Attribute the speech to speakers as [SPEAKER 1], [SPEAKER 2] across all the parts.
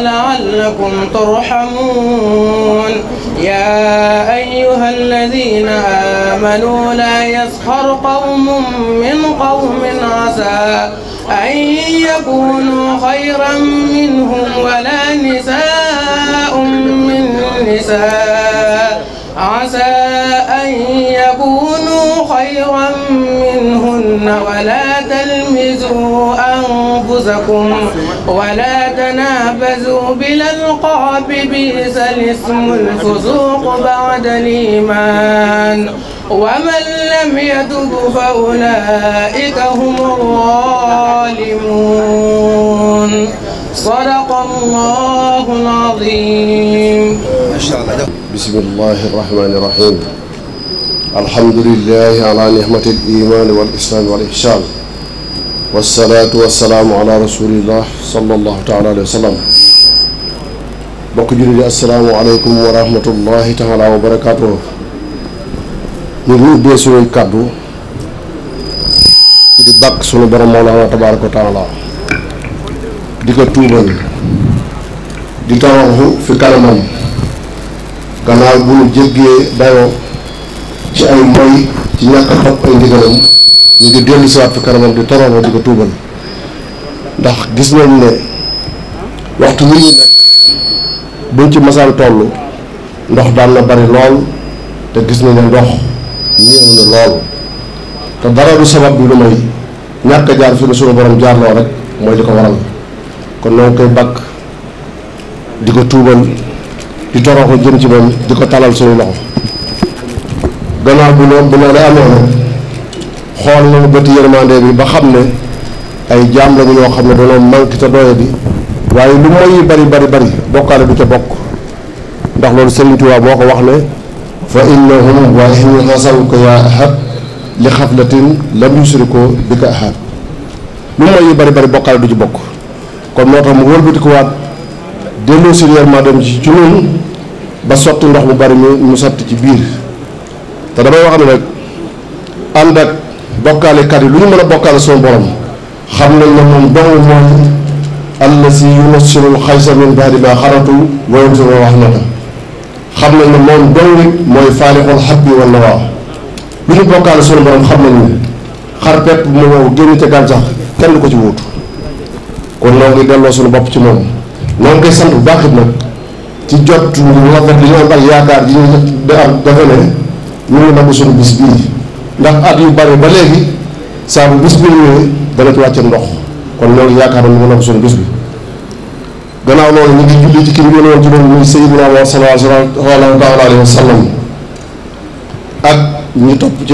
[SPEAKER 1] لعلكم ترحمون يا أيها الذين آمنوا لا يسخر قوم من قوم عسى أن يكونوا خيرا منهم ولا نساء من نساء عسى أن يكونوا خيرا منهن ولا تلمزوا أنفسكم ولا تنابزوا القاب بئس الاسم الفسوق بعد الإيمان ومن لم يتب فأولئك هم الظالمون صدق الله العظيم بسم
[SPEAKER 2] الله الرحمن الرحيم الحمد لله على نعمة الإيمان والإسلام والإحسان والصلاة والسلام على رسول الله صلى الله تعالى عليه وسلم بكجل السلام عليكم ورحمة الله تعالى وبركاته نرد بسوء الكادو كده باك سنو برم مولانا تبارك وتعالى ديكا تومن ديكا في كلمان gannaaw bu ñu jéggee dayoo ci ay moy ci ñàkk topp ay ndigalam ñu ngi dellu siwaat fi kanamam di toroba di ko tuubal ndax gis nañ ne waxtu wi ñu nekk buñ ci masaan toll ndox daan na bari lool te gis nañ ne ndox ñëw na lool te dara du sabab bi lu may ñàkk jaar fi la suñu borom jaarloo rek mooy di ko waral kon noo koy bakk di ko tuubal di toroxu jëm ci moom diko talal suñu loxo gëna bu ñoom bu ñoo amé xol na xool nañu bëti yërmande bi ba xamné ay jamm la ñoo xamné do dañoo manki ta doye bi waye lu moy bari bari bari bokkale du ca bokk ndax lolu Sëriñ Tuubaa boko wax ne fa innahum wa ihni xasaluka yaa ahad li khaflatin lam yusriko bika ahab lu moy bari bari bokkale du ci bokk kon moo tax mu wëlbatikuwaat delloo si leer maa dem ci noonu ba sotti ndox mu bari mu mu sotti ci biir te damay wax ne rek ànd ak bokkaalekat yi lu ñu mën a bokkaale sunu borom xam nañ ne moom dong moom allasi yunassirul xaysa min baadi ma xaratu wa yanzuru mooy faalixul xabbi wan lu ñu bokkaale sunu borom xam nañ ne xar pepp mu génn ca gàncax kenn du ko ci wóotu kon noo ngi delloo suñu bopp ci moom. ñoo ngi koy sant bu baax it nag ci jot lu rafet li ñoo bari yaakaar yi ñu da am dafa ne ñu ngi nangu suñu bis bii ndax at yu bari ba léegi saa bu bis bi ñëwee dana ci wàcce ndox kon loolu yaakaar na ñu ngi nangu suñu bis bi gannaaw loolu ñu ngi julli ci kii bi ñu woon ci doon muy Seydina ci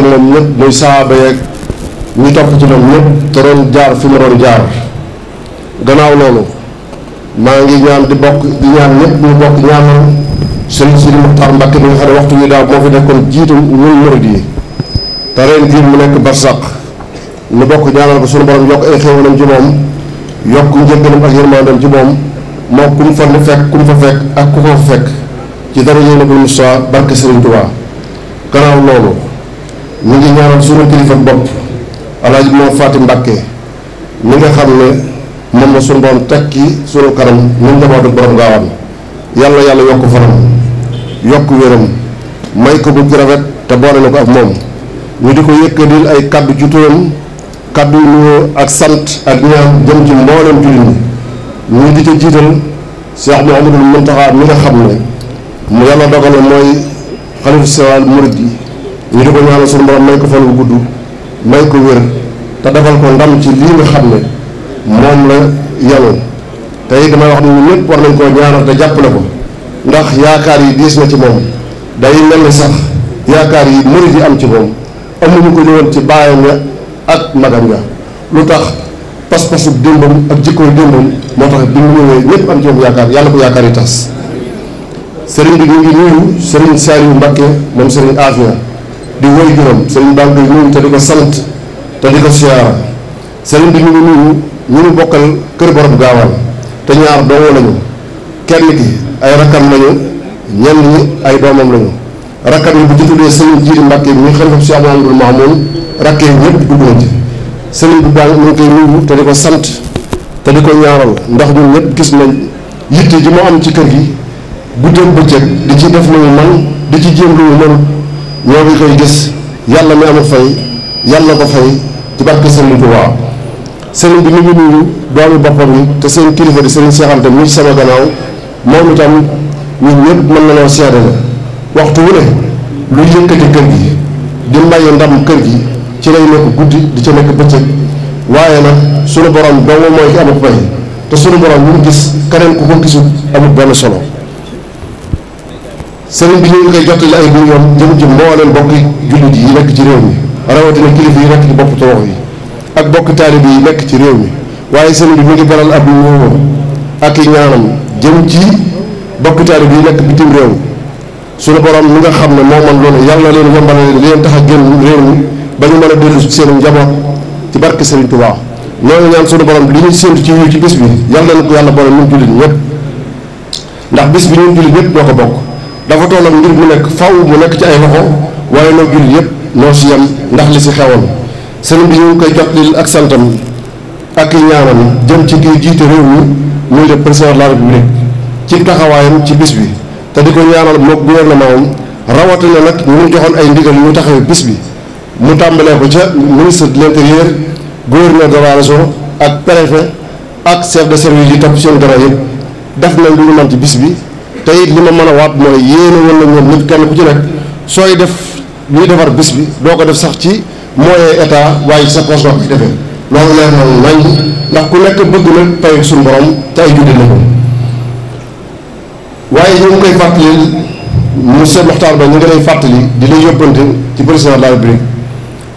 [SPEAKER 2] loolu ñëpp muy saaba yeeg ñu topp ci loolu ñëpp te doon jaar fi mu doon jaar gannaaw loolu maa ngi ñaan di bokk di ñaan ñëpp ñu bokk ñaanal sëriñ Sidi Muxtaar Mbàkke bi nga xam ne waxtu wi daaw moo fi nekkoon jiitu ñun murid yi te ren mu nekk barsàq ñu bokk ñaanal ko suñu borom yokk ay xéewalam yokk njëggalam ak yërmandam ci moom moom ku mu fa fekk ku fa fekk ak ku ko fa fekk ci dara yéen a ko Moussa barke Sëriñ Tuubaa gannaaw loolu ñu ngi ñaanal suñu kilifa bopp El Hadj Mor mbakke Mbàkke nga xam ne. moom la suñu borom teg ci suñu kanam ñun njabootu borom gaawaan yàlla yàlla yokk fanam yokk wéram may ko bu rafet te boole na ko ak moom ñu di ko yëkkatil ay kàddu ci turam kaddu yu ak sant ak ñaan jëm ci mboolem jullit ñi ñu di ca jiital Cheikh Mouhamadul Mountakha mi nga xam ne mu yàlla dogale mooy xalifu sewal murid yi ñu di ko ñaanal suñu borom may ko fan wu gudd may ko wér te defal ko ndam ci lii nga xam ne moom la yanu tey damay wax ni ñëpp war nañ koo ñaanal te jàppale ko ndax yaakaar yi diis na ci moom day mel ni sax yaakaar yi murid yi am ci moom amuñu ko ñëwoon ci baayam ya ak magam ya lu tax pas-pasu démbam ak jikkooy démbam moo tax bi mu ñëwee ñëpp am ci moom yaakaar yàlla ko yaakaar yi tas bi ñu ngi nuyu sëriñ Saliou Mbacké moom sëriñ Afia di woy juróom sëriñ baa ngi nuyu te di ko sant te di ko siyaara sëriñ bi ñu ngi nuyu ñu mu bokkal kër borom gaawaan te ñaar doomu lañu kenn ki ay rakkam lañu ñenn ñi ay doomam lañu rakkam yi bu ci tuddee sëriñ Jiiri Mbàkke mi xalifa si Amadou Mahmoun rakkee ñëpp dugg na ci sëriñ bi baa ngi koy nuyu te di ko sant te di ko ñaaral ndax ñun ñëpp gis nañ yitte ji moo am ci kër gi guddeem bëccëg di ci def lu mu man di ci jéem lu mu mënut ñoo ngi koy gis yàlla mi amul fay yàlla ko fay ci barke sëriñ Tuubaa sëriñ bi ñu ngi nuyu doomu boppam yi te seen kilifa di sëriñ Cheikh Anta sama gannaaw moom itam ñun ñëpp mën na noo seede la waxtu wu ne lu yëkkati kër gi di maye ndam kër gi ci lay nekk guddi di ci nekk bëccëg waaye nag sunu borom doomu mooy ki amut pay te sunu borom lu gis keneen ku ko gisul amul benn solo sëriñ bi ñu ngi koy jottali ay gunóor jëm ci mbooleem mbokki jullit yi nekk ci réew mi rawatina kilifa yi nekk ci bopp toox yi. ak bokk talib yi nek ci rew mi waye sen bi ngi baral ab ñëwam ak ñaanam jëm ci bokk talib yi nek bitim rew suñu borom mi nga xam ne moo man loolu yalla leen yombalal leen tax ak génn rew mi ba ñu mën a dellu seen njaboot ci barke serigne touba noonu ñaan suñu borom li ñu sentu ci ñu ci bis bi yalla nako yalla borom boole ñun jullit ñëpp ndax bis bi ñu jullit ñëpp ñoo bokk dafa toll ngir mu nek faaw mu nek ci ay loxo waye no jullit yëpp no si yem ndax li ci xewal serigne bi ñu ngi koy jotlil ak santam ak ñaanam jëm ci gi jité rew mi muy le président de la république ci taxawayam ci bis bi te diko ñaanal mo gouvernement am na nak ñu joxon ay ndigal ñu taxawé bis bi mu tambalé ko ci ministre de l'intérieur gouverneur de la région ak préfet ak chef de service yi top sen dara yëpp def na lu ñu ci bis bi te it li ma mën a waat mooy yéen wala ñu nit kenn ku ci nak soy def ñuy defar bis bi doo def sax ci. mooyee état waaye sa poche boo koy defee loolu leer na nañ ndax ku nekk bëgg na payu suñu borom te ay juddi la ko waaye ñu ngi koy fàttali Ba ñu ngi lay fàttali di lay yóbbante ci président de la République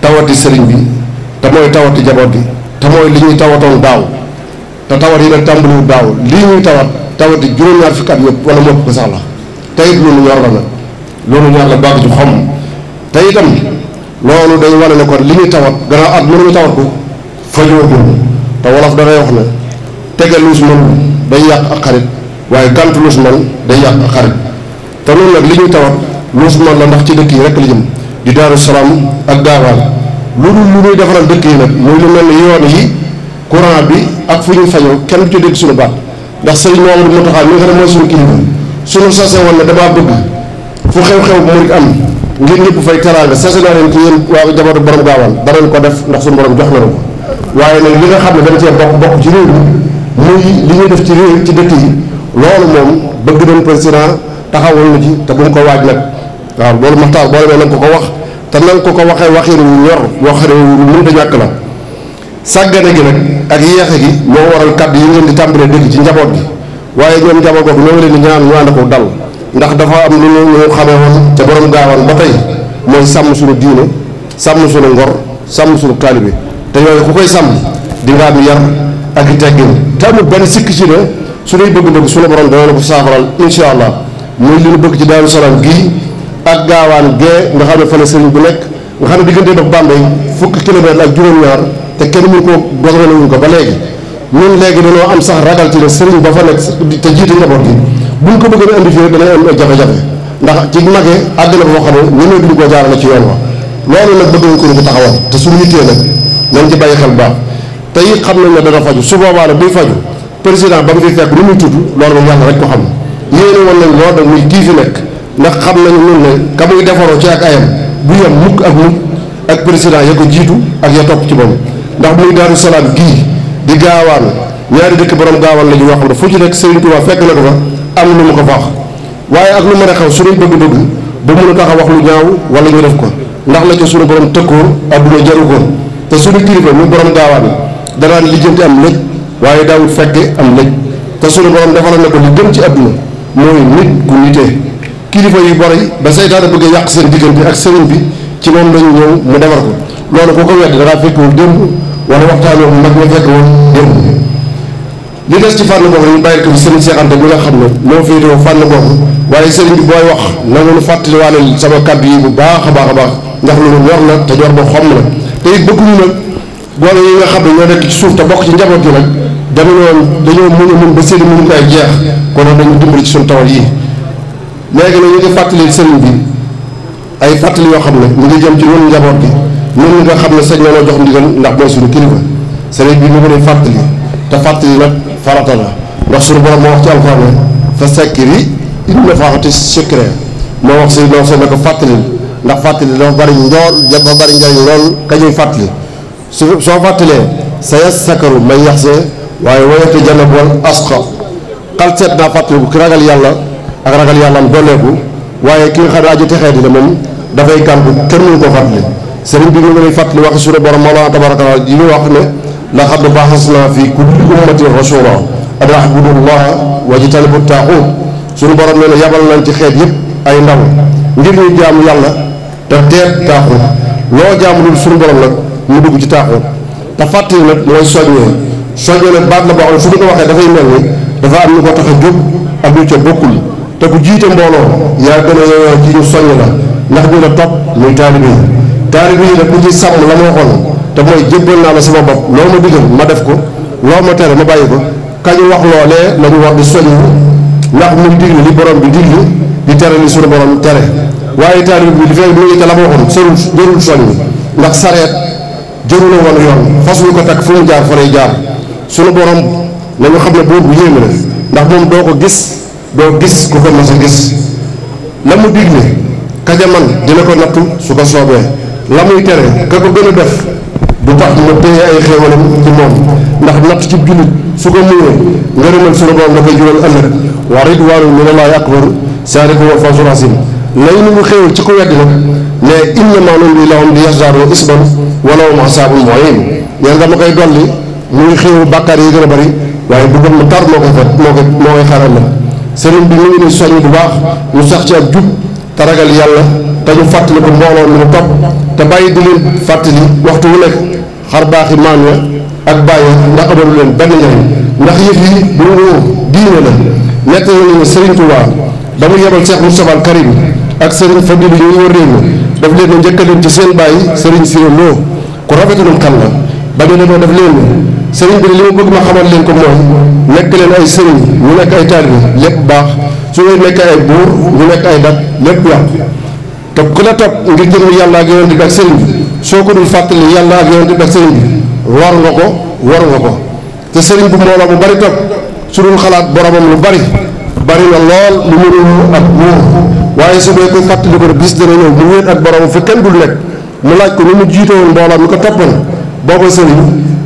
[SPEAKER 2] tawati sëriñ bi te mooy tawati jaboot bi te mooy li ñuy tawatoon daaw te tawat yi nag tàmbaliwul daaw lii ñuy tawat tawati juróom-ñaar fukki at yëpp wala moo ko sax la loolu ñor la baax ju xam te itam. loolu day wane ne kon li ñu tawat gannaaw at mënuñu tawat ko fajoogul te wolof dafay wax ne tege luus man day yàq ak xarit waaye gàntu luus man day yàq ak xarit te noonu nag li ñuy tawat luus man la ndax ci dëkk yi rek la jëm di Daaru Salaam ak gaawaan lu dul lu ñuy defaral dëkk yi nag muy lu mel ni yoon yi courant bi ak fu ñuy fajoo kenn du ci dégg suñu baat ndax sëriñ Mamadou Mountakha mi nga xam ne mooy suñu kilifa suñu sase ne damaa bëgg fu xew-xew murid ngir ñëpp fay teraanga sese naa leen ci yéen waa jabootu borom gaawaan danañ ko def ndax suñu borom jox na ko waaye nag li nga xam ne dana cee bokk bokk ci réew mi muy li ñuy def ci réew ci dëkk yi loolu moom bëgg nañ président taxawal na ci te bu mu ko waaj nag waaw loolu maxtaar boo demee na ko ko wax te na ko ko waxee waxin wu ñor boo xam ne mënut a ñàkk la sàggane gi nag ak yeexe gi moo waral kàddu yi ngeen di tàmbalee dëkk ci njaboot gi waaye ñoom njaboot googu ñoo ñaan ñu ànd ko dal ndax dafa am lu ñu xamee woon ca borom gaawaan ba tey mooy sàmm suñu diine sàmm suñu ngor sàmm suñu taalibe te yooyu ku koy sàmm di nga am yar ak i teggin te amul benn sikki ci su suñuy bëgg-bëgg suñu borom dana la ko saafaral incha allah muy li ñu bëgg ci Daaru Salaam gii ak gaawaan gee nga xam ne fa la sëriñ bu nekk nga xam ne diggante ba Bambey fukki kilomètre ak juróom-ñaar te kenn mën koo doxalewuñ ko ba léegi ñun léegi dañoo am sax ragal ci ne sëriñ ba fa nekk te jiite njaboot buñ ko bëgg indi fii danañ am jafe-jafe ndax ci mage àddina boo xam ne ñemee duñ ko jaarale ci yoon wa loolu nag bëggoon ko ko taxawal te suñu yittee nag nañ ci bàyyi xel baax te it xam nañ ne dana faju su boobaa nag buy faju président ba mu fi fekk lu muy tudd loolu moom xam yéene woon nañ muy kii fi nekk xam nañu nun ne ka muy ci ak ayam du yem mukk ak mukk ak président ya ko jiitu ak ya topp ci moom ndax muy daaru salaam gii di gaawaan ñaari dëkk borom gaawaan la ñu yoo xam ne fu ci nekk Serigne fekk na fa am na ma ko fa wax waaye ak lu ne a su suñu bëgg-bëgg ba mun a tax wax lu ñaaw wala ñu def ko ndax la ca suñu borom tëkkoon adduna jaru ko te suñu kilifa ñu borom gaawaan danaan lijjanti am lëj waaye daawul fekke am lëj te suñu borom defaloon na ko li gën ci adduna mooy nit ku nitee kilifa yu bari ba seytaane bëgg a yàq seen diggante ak sëriñ bi ci moom lañu ñëw mu defar ko loolu koo ko wedd danaa fekkewul démb wala waxtaanoo mag ñu fekk woon démb li des ci fànn boobu ñu bàyyi ko fi sëriñ Cheikh nga xam ne moo féetewoo fànn boobu waaye sëriñ bi booy wax na nga fàttali fàttaliwaale sama kàddu yi bu baax a baax a baax ndax loolu ñor na te ñor ba xom na te yi nga xam ne ñoo nekk ci suuf te bokk ci njaboot yi nag dama noonu dañoo mën a mën ba seen mënu koy kon nag dañu dimbali ci suñu tawal yii léegi nag ñu ngi fàttali sëriñ bi ay fàttali yoo xam ne ñu ngi jëm ci ñun njaboot bi ñun nga xam ne sañ na noo jox ndigal ndax mooy suñu kilifa sëriñ bi ñu ko doon fàttali te fàttali nag farata la ndax suñu borom moo wax ci alxuraan ne fa sakkiri in nafa'ati zikra moo wax si doom soo ne ko fàttalil ndax fàttali dafa bari njool dafa bari njariñ lool kañuy fàttali su soo fàttalee sa yas sakaru may yax see waaye wayete janab wal asqa xal seet naa fàttali ku ragal yàlla ak ragal yàlla am dooleeku waaye ki nga xam ne aju texee dina moom dafay kàmp kenn mënu ko fàttali sëriñ bi mu ngi lay fàttali wax suñu borom moo la tabaraka yi muy wax ne لقد بحثنا في كل أمة رسولا أن اعبدوا الله واجتنبوا الطاغوت suñu borom nee na yabal nañ ci xeet yépp ay ndaw ngir ñu jaamu yàlla te teet taaxut loo jaamu dul suñu borom nag mu dugg ci taaxut te fàttali nag mooy soññee soññee nag baat la boo xam ne su ñu ko waxee dafay mel ni dafa am ñu ko tax a jóg ak ñu ca bokkul te ku jiite mbooloo yaa gën a yeyoo ci ñu soññ la ndax ñu la topp muy taalibe yi taalibe yi nag ku ci sàmm la ma waxoon te mooy jébbal naa la sama bop loo ma digal ma def ko loo ma tere ma bàyyi ko kañu wax loolee la ñu war di soññu ndax muy digël li borom bi digël di téré ni suñu borom téré waye taalib bi defé moy mu la ma waxoon soñu jërul soñu ndax sareet jërul a woon yoon fasu ko tak fu mu jaar fa lay jaar suñu borom la ñu xam bu la ndax moom doo ko gis do gis ku ko mas gis la mu digle kaja man dina ko nattu su ko soobee tere ka ko def du tax ma téye ay xéewalam ci moom ndax natt ci jullit su ko muuree ngërëmal suñu borom dafay jural ëllëg wa ridwaanu minallaahi akbaru saariku wa fawzu aziim lay mu xéewal ci ku wedd nag ne innamaa nundi wa lahum azaabun muhiin yéen dama koy dolli muy xéewu bàkkaar yi gën a bëri waaye bëggam mu tar moo koy fat moo koy moo koy xaral la sëriñ mu ngi ni soññ bu baax ñu sax ci ak jub te ragal yàlla te ñu fàttali ko mbooloo mi topp te bàyyi di leen fàttali waxtu wu nekk xar baaxi maam ya ak bàyyi ndax amalu leen benn njariñ ndax yëf yi bu wóor diine la nekk nañu ne Serigne Touba ba mu yebal Cheikh Moustapha Al ak Serigne Fadil yi ñu wër réew mi leen a njëkk a dem ci seen bàyyi Serigne Siré Lo ku rafetulum kan la ba ñu demoo def leen Serigne bi li ma bëgg ko nekk leen ay Serigne ñu nekk ay taalibe baax su ngeen nekkee ay buur ñu nekk ay dat lépp yàqu. te ku la topp ngir jëm yàlla ak yoon di beg sëriñ bi soo ko dul fàttali yàlla ak yoon di beg sëriñ bi war nga ko war nga ko te sëriñ bu mbooloo bu bari topp su dul xalaat boromam lu bari bari na lool lu mënul ak muur waaye su dee koy fàttali ko bis dana ñëw mu wéet ak boromam fa kenn dul nekk mu laaj ko ni mu jiite woon mbooloo mu ko toppoon booba sëriñ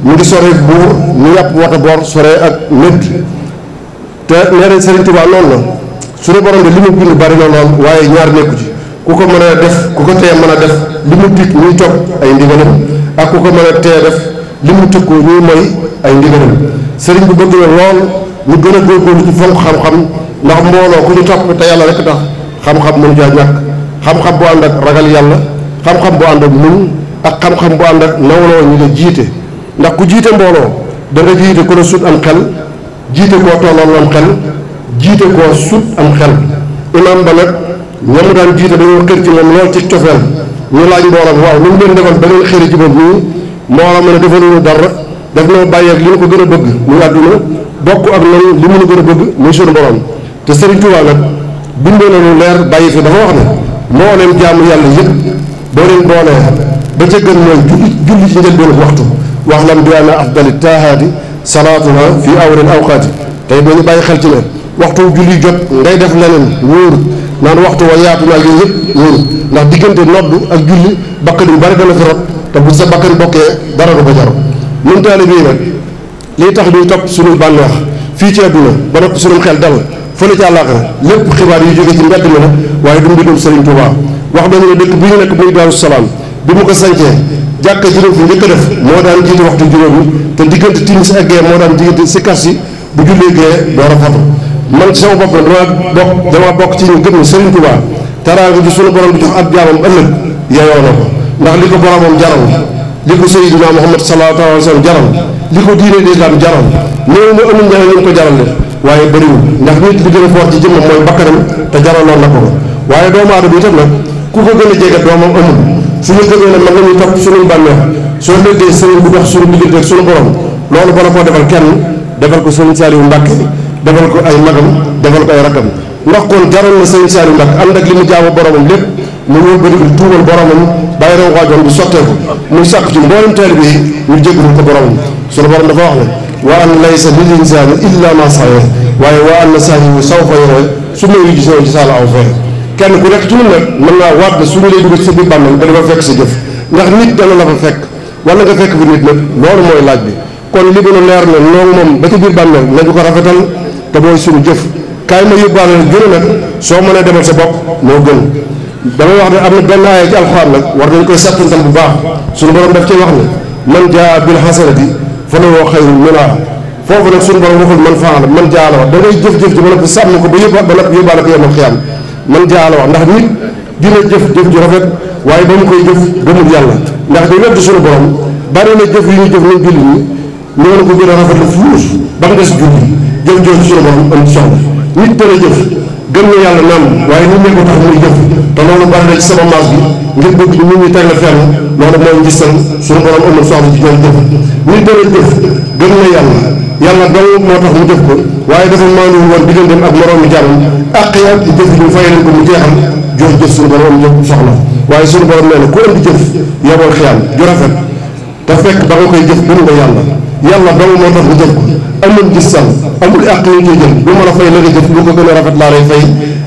[SPEAKER 2] mu ngi sore bu mu yàpp wata boor ak nit te nee nañ sëriñ Tuubaa loolu la su dee borom waaye ñaar ku ko mën a def ku ko tee mën a def li mu dig ñuy topp ay ndigalam ak ku ko mën a tee def li mu tëkku ñuy moy ay ndigalam sëriñ bu bëgg na lool ñu gën a góorgóorlu ci fonk xam-xam ndax mbooloo ku ñu topp te yàlla rek tax xam-xam mënu jaa ñàkk xam-xam bu ànd ak ragal yàlla xam-xam bu ànd ak muñ ak xam-xam bu ànd ak nawloo ñu la jiite ndax ku jiite mbooloo da nga jiite ku la sut am xel jiite koo tolloon am xel jiite koo sut am xel imaam ba nag ñoom mu daan jiite dañoo xër ci moom lool ci cofeel ñu laaj mboolam waaw lu mu leen defal ba ngeen xëri ci moom nii mboolam mën a defaluñu dara daf noo bàyyeeg li ñu ko gën a bëgg muy àdduna bokk ak noonu li mënu gën a bëgg muy suñu borom te Sëriñ Tuubaa nag bindoo na lu leer bàyyi fi dafa wax ne moo leen jaamu yàlla yëpp boo leen boolee ba ca gën mooy julli julli ci njëlbéenu waxtu wax la bi ana afdali taahaati salaatuna fi awril awqaati tey boo ñu bàyyi xel ci ne waxtu julli jot ngay def leneen wóor naan waxtu wa yaatu na ak yooyu yëpp wóorul ndax diggante noddu ak julli bakkan yu bari dana fi rot te bu sa bakkan bokkee dara du ko jaru ñun taalibe yi nag liy tax ñuy topp suñu bànneex fii ci àdduna ba noppi suñu xel dal fële ci àllaaxira lépp xibaar yu jóge ci mbedd mi la waaye du mbindum Serigne Touba wax nañu ne dëkk bi ñu nekk muy Daaru Salaam bi mu ko sancee jàkka juróom fi njëkk def moo daan jiite waxtu juróom yi te diggante timis ak gee moo daan diggante si kas yi bu jullee gee a man ci sama bopp la damaa bokk ci ñu gëm ne Serigne Touba taraanga ji suñu borom di jox ab jaamam ëllëg yeyoo na ko ndax li ko boromam jaral li ko Seydina Muhammad sallallahu alayhi wa sallam jaral li ko diine lislaam jaral loolu ñu amul njëriñ ñu ko jaral de waaye bëriwul ndax nit li gën a foor ci jëmmam mooy bakkanam te jaraloon na ko ko waaye doomu aadama itam na ku ko gën a jege doomam amul suñu gëmee ne na la ñuy topp suñu bànneex soo léggee sëriñ bu dox suñu diggante ak suñu borom loolu bala koo defal kenn defal ko sëriñ Saliou Mbacke defal ko ay magam defal ko ay rakam ndax kon jaroon na sa Saliou Mbacké ànd ak li mu jaamu boromam lépp mu ñëw ba di tuubal boromam bàyyi rew waajoon bi sotteeku muy sàkk ci mboolem taalibe yi ñu jégalu ko boromam ne wa an laysa lil insaani illa ma saxee waaye wa anna saahibu sawfa yara su ma yu gisoo ci saala aw fere kenn ku nekk ci ñun nag mën naa waat ne su ñu lay dugal ci sa biir bàmmeel dana fa fekk sa jëf ndax nit dana la fa fekk wala nga fekk fi nit nag loolu mooy laaj bi kon li gën a leer na noonu moom ba ci biir bàmmeel تبوي سن جف كاي ما يبال غيرنا سو مانا ديمال سا بوك مو گن دا ما واخني امنا بن ايه في القران وار دنج كاي ساتنتال بو باخ سن بروم داف تي واخني من جاء بالحسنه فله خير منها فوفو نك سن بروم وخل من فعل من جاء لو دا ngay جف جف جبل سامو كو بيو بالا بيو بالا يوم القيامه من جاء لو ناخ نيت دينا جف جف جو واي بام كوي جف دمو يالا ناخ دي ويد سن بروم جف يي جف نيو جولي ni ñu ko gëna rafet la fuus ba jëf jooju suñu borom am ci soxla nit dana jëf gëm na yàlla naan waaye nit ñee ko tax muy jëf te loolu bari na ci sama maas bi ngir bëgg nit ñi teg la fenn loolu mooy ngistal suñu borom am na soxla ci ñoom jëf nit dana jëf gëm na yàlla yàlla dong moo tax mu jëf ko waaye dafa maandu woon digganteem ak moroomu jàmm àq ya ak jëf ñu fay leen ko mu jeexal jooju jëf suñu borom am na soxla waaye suñu borom nee na ku andi jëf yabal xiyaan ju rafet te fekk ba nga koy jëf gëm nga yàlla yàlla dama moo tax nga jël ko amul gis-sal amul àq yi koy jël lu ma la fay la nga jëf lu ko gën a rafet laa lay fay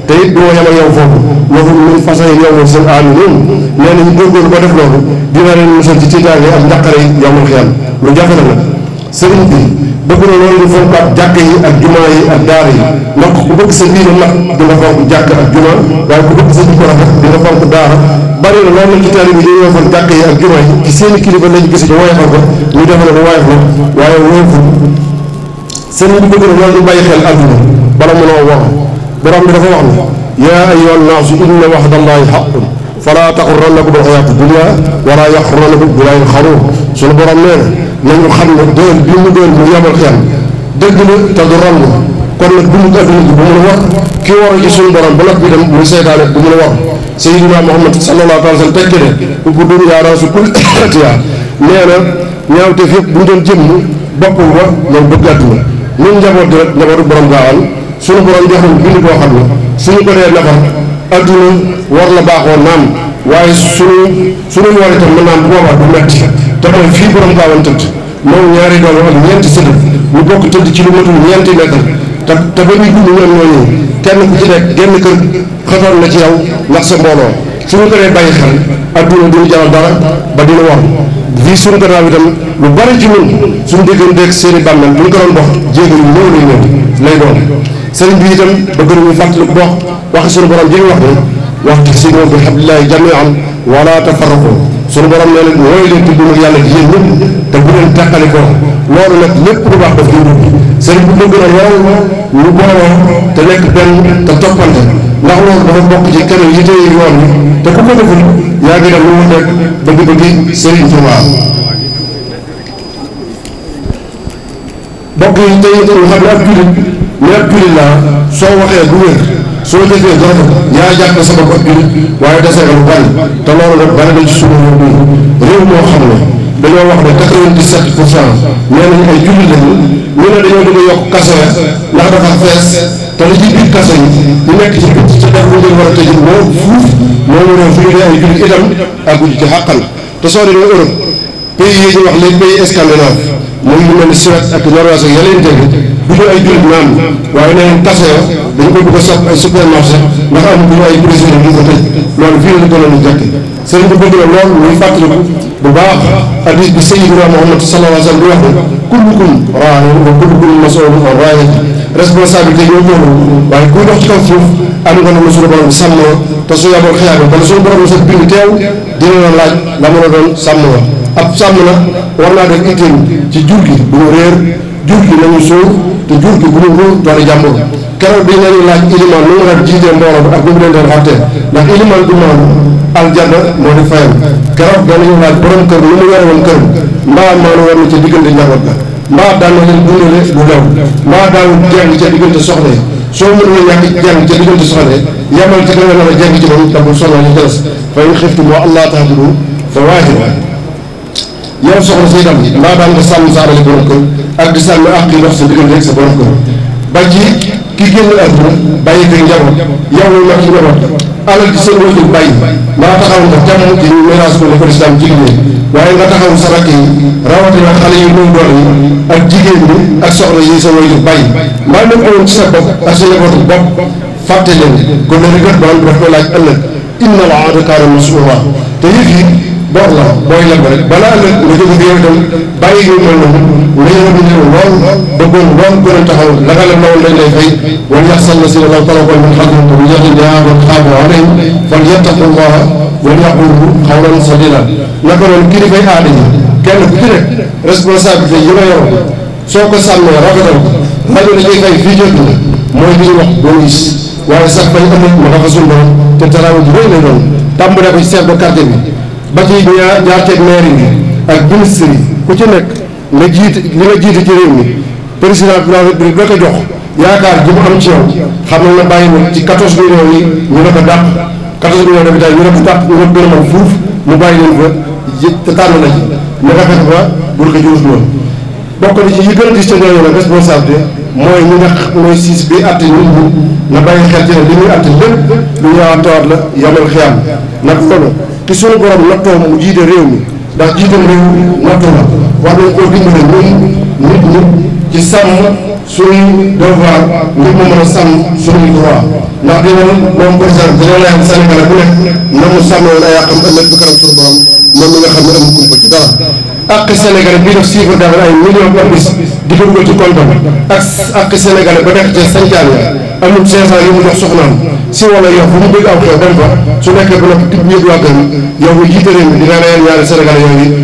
[SPEAKER 2] te it du ma yem yow foofu loolu muy façon yi yow seen aami noonu nee nañu ba def loolu dina leen musal ci tiitaange ak njàqare yi yowmal xiyaam lu jafe la nag sëriñ bi dëgg na loolu ñu fonkaat jàkk yi ak jumaa yi ak daara yi ndax ku bëgg sa biir nag di nga fonk jàkk ak jumaa waaye ku bëgg sa jikko rafet di nga fonk daara bari na non ci taalibe di dañoo fon jàkk yi ak jumaa yi ci seen kilifa lañu gëss ci woyofal ko ñu defal ko woyofal waye woyoful seen bu bëgg na lolu bàyyi xel àdduna bala mënoo wax borom bi dafa wax ni ya ayyuhan naasu inna wahda allahi haqqun fala taxurrannakum alxayaatu dunya wala yaxurrannakum bil alxaruur sunu borom leen na nañu xam ne doon bi mu doon mu yamal xel dëgg la te du ran kon nag dund àdduna bi bu mu la war ki war ci sunu borom ba bi dem mu seytaane bu mu la war Seydina Muhammad sa alayhi wa sallam tekki ne bu bu dun yaa raasu kul xatiya nee na ñaawteef yëpp bu ñu doon jëmm boppam ba moom bëgg àdduna ñun njaboot gi rek njabootu borom gaawaan suñu borom jox nañu bind boo xam ne suñu ko dee nafar àdduna war la baaxoo naam waaye suñu suñu war itam mën naa bu boobaa du metti te mooy fii borom gaawaan tëdd moom ñaari doom ak ñeenti sëdd ñu bokk tëdd ci lu matul ñeenti mètre te te ba muy dund ñoom ñooñu kenn ku ci nekk genn kër defoon na ci yow ndax sa mbooloo suñu ko dee bàyyi xel adduna duñu jaral dara ba dina war fii suñu lu bari ci ñun suñu digganteeg seen i bàmmeel bu ñu ko doon dox jéego yu néew lay ñëw lay doon sëriñ bi itam bëgg nañu fàttali bu baax si moom bi hablillahi jami'an wala tafarraqu suñu borom nee na mooy leen tudd ak yàlla ci yéen te bu leen tàqali ko loolu nag lépp lu baax daf koy dugg sëriñ bi bëgg na lool ñu booloo te nekk benn te toppante ndax loolu dafa bokk ci kanam yi tey yoon bi te ku ko deful yaa ngi def lu mu nekk bëgg-bëggi Serigne Touba bokk yi tey lu xam laa soo waxee du wér soo defee jox ko yaa jàpp sa bopp ab jullit waaye desee nga lu te loolu nag bari na ci suñu réew moo xam ne dañoo wax ne quatre-vingt-dix-sept pour cent nañ ay jullit lañu ñu ne dañoo bëgg a yokk kaso ndax dafa fees te li ci biir kaso yi ñu nekk ci biir a soo demee Europe pays yi ñu wax les pays scandinaves moom lu du ñu ay jullit naan waaye nee nañ dañu ko bëgg a sopp ay supermarché ndax am bu ñu ay président yu ko tëj loolu fii la ñu doon jàkk sëriñ bi bëgg na lool muy fàttaliku bu baax hadis bi sayyidina Muhammad sallallahu alayhi wa sallam di wax ne kullukum raa'in wa kullukum mas'uulun an ra'iyyatihi responsabilité yooyu ñëw waaye kuy dox ci kaw suuf am nga ne su yaboo xiyaar bi sa bind teew dina la laaj la ma la doon sàmm la ab sàmm la war naa def itam ci jur gi bu mu réer jur gi nañu suur te jur gi bu mu ruur doole jàmbur keroog bi ñu laaj iliman lu mu war a jiitee mbooloo bi ak lu mu leen doon xattee ndax iliman du maanu aljanna moo di fayam keroog danañu laaj kër lu mu yore woon këram mbaa maanu war na ca diggante njaboot ga mbaa daan na leen dundale lu lew mbaa daawul jàng ca diggante a ci danga nar a jàng ci moom dafa soxla ñu des fa in xiftum allaa ta'dilu fa waahida yow soxna say dam mbaa daan nga sàmm sa alali borom kër ak di sa diggante kër ba ki génn àdduna bàyyi ko njaboot yow nag ci alal di seen a bàyyi maa taxaw ndax jàmm ci ñu mélange ko dafa lislaam ci liggéey waaye nga taxaw sa rakk yi rawatina xale yu doon doon yi ak jigéen bi ak soxna yi seen wajur bàyyi maa ngi amoon ci sa bopp ak sa njabootu bopp fàtte leen kon loolu kat ba am daf koy laaj ëllëg inna al aada kaana masuula te yëf yi boor booy lal ba rek balaa nag nga jóg nga yow itam bàyyi yu noonu léegi nag ñu ne lool bëggoon lool gën a la nga la lool dañ lay fay yaxsal na si la lool talakoo min xadrin bu yaqi diaago xaabo alayhim fal yattaqu llaha wala yaqulu xawlan sadila naka noonu kilifa yi aada yi kenn ku ci nekk responsabilité yi nga yor soo wax doo waaye sax fay ëllëg ma nga fa te taraawu ji rëy lay doon tàmbalee ko ba ci ñaar jaar ceeg maire yi ak ministre yi ku ci nekk nga jiite li nga jiite ci réew mi président de la république da ko jox yaakaar ji mu am ci yow xamal na bàyyi na ci yi ñu ne ko dàq quatorze ñu ne ko dàq a mën fa ji te ko jiwut loolu bokk na ci yi gën a gis ca ñooñu nag responsabilité mooy siis bi àtte nit ñi nga bàyyi xel ci ne li muy àtte lépp lu ñaawaat tawaat la yamal xiyam nag loolu te suñu borom nattoo mu jiite réew mi ndax jiitam réew nattoo la war nañ koo dimbale ñun nit ñi ci sàmm suñu devoir ngir mu mën a sàmm suñu droit ndax di moom
[SPEAKER 1] moom président dina layam Sénégal bu nekk na mu
[SPEAKER 2] sàmmoon ay àqam ëllëg bi kanam suñu borom moom mi nga xam ne amul kumpa ci dara ak Sénégal bi def chiffre d'affaires ay millions par bis di ko dugal ci compte ak ak Sénégal ba nekk ca santaan ya amul 500 yu mu jox soxnaam si wala yow bu mu bëgg aw xew dem fa su nekkee ba noppi ñëpp waa kër yow nga jiite réew mi dina reyal ñaari Sénégal yooyu